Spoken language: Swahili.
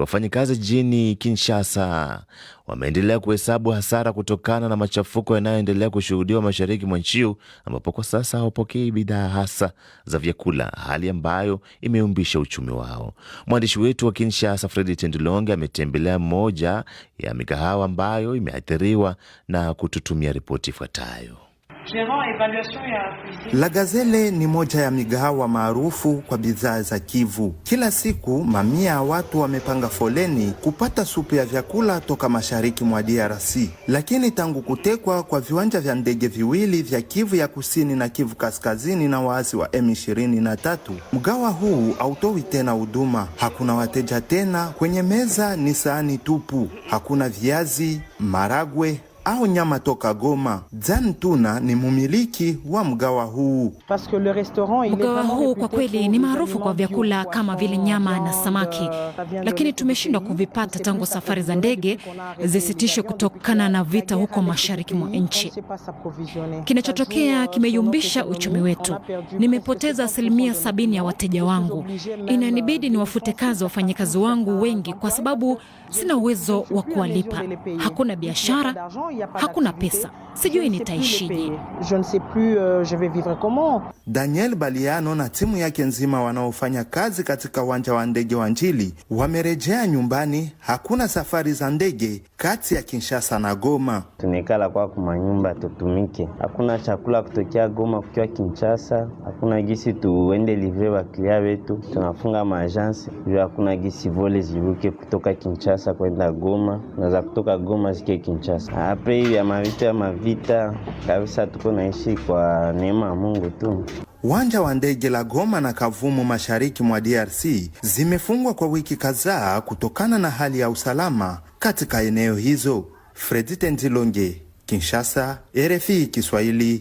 Wafanyakazi jijini Kinshasa wameendelea kuhesabu hasara kutokana na machafuko yanayoendelea kushuhudiwa mashariki mwa nchi ambapo kwa sasa hawapokei bidhaa hasa za vyakula, hali ambayo imeumbisha uchumi wao. Mwandishi wetu wa Kinshasa Fredi Tendilonge ametembelea moja ya migahawa ambayo imeathiriwa na kututumia ripoti ifuatayo. La Gazele ni moja ya migahawa maarufu kwa bidhaa za Kivu. Kila siku mamia ya watu wamepanga foleni kupata supu ya vyakula toka mashariki mwa DRC. Lakini tangu kutekwa kwa viwanja vya ndege viwili vya Kivu ya Kusini na Kivu Kaskazini na waasi wa M23, mgawa huu autowi tena huduma. Hakuna wateja tena, kwenye meza ni sahani tupu. Hakuna viazi, maragwe au nyama toka Goma. Jan Tuna ni mumiliki wa mgawa huu. Mgawa huu kwa kweli ni maarufu kwa vyakula kama vile nyama na samaki, euh, lakini tumeshindwa kuvipata tangu safari za ndege zisitishwe kutokana na vita huko mashariki mwa nchi. Kinachotokea kimeyumbisha uchumi wetu. Nimepoteza asilimia sabini ya wateja wangu, inanibidi niwafute kazi wafanyakazi wangu wengi kwa sababu sina uwezo wa kuwalipa. Hakuna biashara hakuna pesa, sijui nitaishije. Euh, Daniel Baliano na timu yake nzima wanaofanya kazi katika uwanja wa ndege wa Njili wamerejea nyumbani. Hakuna safari za ndege kati ya Kinshasa na Goma. Tunaikala kwa kumanyumba tutumike, hakuna chakula kutokea Goma kukiwa Kinshasa, hakuna gisi tuende livre wakilia wetu, tunafunga maajansi juu hakuna gisi vole ziruke kutoka Kinshasa kwenda Goma na za kutoka Goma zike Kinshasa. Apre ya mavita ya mavita kabisa, tuko naishi kwa neema ya Mungu tu. Uwanja wa ndege la Goma na Kavumu mashariki mwa DRC zimefungwa kwa wiki kadhaa kutokana na hali ya usalama katika eneo hizo. Fredi Tendilonge, Kinshasa, RFI Kiswahili.